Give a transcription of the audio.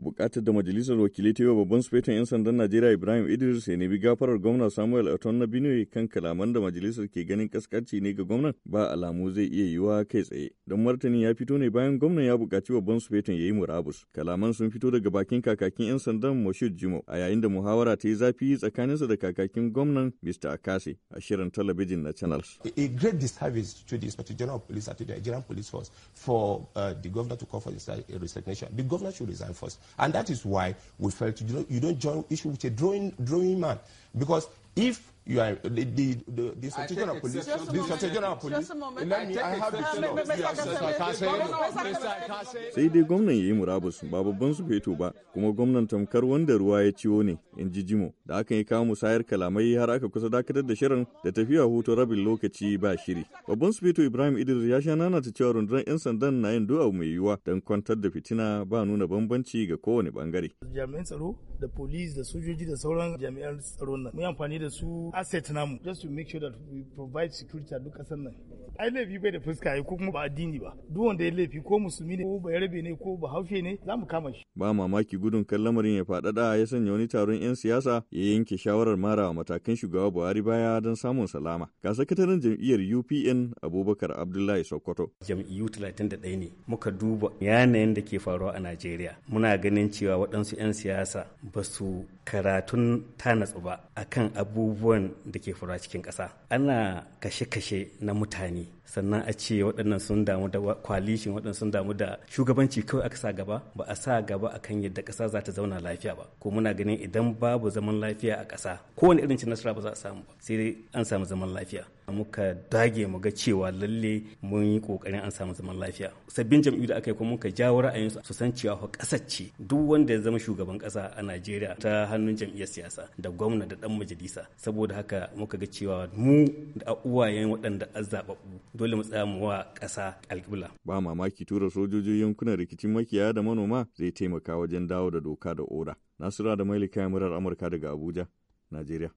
bukatar da majalisar wakilai ta yi wa babban sufetan 'yan sandan najeriya ibrahim idris ya nemi gafarar gwamna samuel oton na benue kan kalaman da majalisar ke ganin kaskanci ne ga gwamnan ba alamu zai iya yiwuwa kai tsaye don martani ya fito ne bayan gwamnan ya bukaci babban sufetan ya yi murabus kalaman sun fito daga bakin kakakin 'yan sandan moshid jimo a yayin da muhawara ta yi zafi tsakaninsa da kakakin gwamnan mr akase a shirin talabijin na channels a great disservice to the inspector general police at the nigerian police force for uh, the governor to call for his resignation the governor should resign first And that is why we felt you don't, you don't join issue with a drawing, drawing man. Because if you are the the, the, the Secretary General Police. The Secretary General Police. Let me. I have the Sai dai gwamnan ya yi murabus ba babban su feto ba kuma gwamnan tamkar wanda ruwa ya ciwo ne in ji jimo da aka yi kawo musayar kalamai har aka kusa dakatar da shirin da tafiya hutu rabin lokaci ba shiri. Babban su feto Ibrahim Idris ya sha nanata cewa rundunar 'yan sandan na yin du'a mai yiwuwa don kwantar da fitina ba nuna bambanci ga kowane bangare. Jami'an tsaro da police da sojoji da sauran jami'an tsaron nan. Mun amfani da su assets just to make sure that we provide security at duk ƙasar ai laifi bai da fuska ko kuma ba addini ba duk wanda ya laifi ko musulmi ne ko ba rabe ne ko ba haufe ne za mu kama shi ba mamaki gudun kan lamarin ya faɗaɗa ya sanya wani taron 'yan siyasa ya yanke shawarar marawa matakan shugaba buhari baya don samun salama ga sakataren jam'iyyar upn abubakar abdullahi sokoto jam'iyyu talatin da 31 ne muka duba yanayin da ke faruwa a najeriya muna ganin cewa waɗansu 'yan siyasa ba su karatun ta natsu ba akan abubuwan da ke faruwa cikin ƙasa ana kashe-kashe na mutane sannan a ce waɗannan sun damu da kwalishin waɗannan sun damu da shugabanci kawai aka sa gaba ba a sa gaba a kan yadda ƙasa za ta zauna lafiya ba ko muna ganin idan babu zaman lafiya a ƙasa kowane irin cin nasara ba za a samu ba sai an samu zaman lafiya muka dage mu ga cewa lalle mun yi kokarin an samu zaman lafiya sabbin jam'iyyu da aka yi kuma muka jawo ra'ayinsu su san cewa fa ce duk wanda ya zama shugaban ƙasa a Najeriya ta hannun jam'iyyar siyasa da gwamna da dan majalisa saboda haka muka ga cewa mu da uwayen waɗanda azzababu dole mu tsaya mu wa ƙasa alƙibla. Ba mamaki tura sojoji yankunan rikicin makiyaya da manoma zai taimaka wajen dawo da doka da oda. Nasura da Mailika Murar Amurka daga Abuja, Najeriya.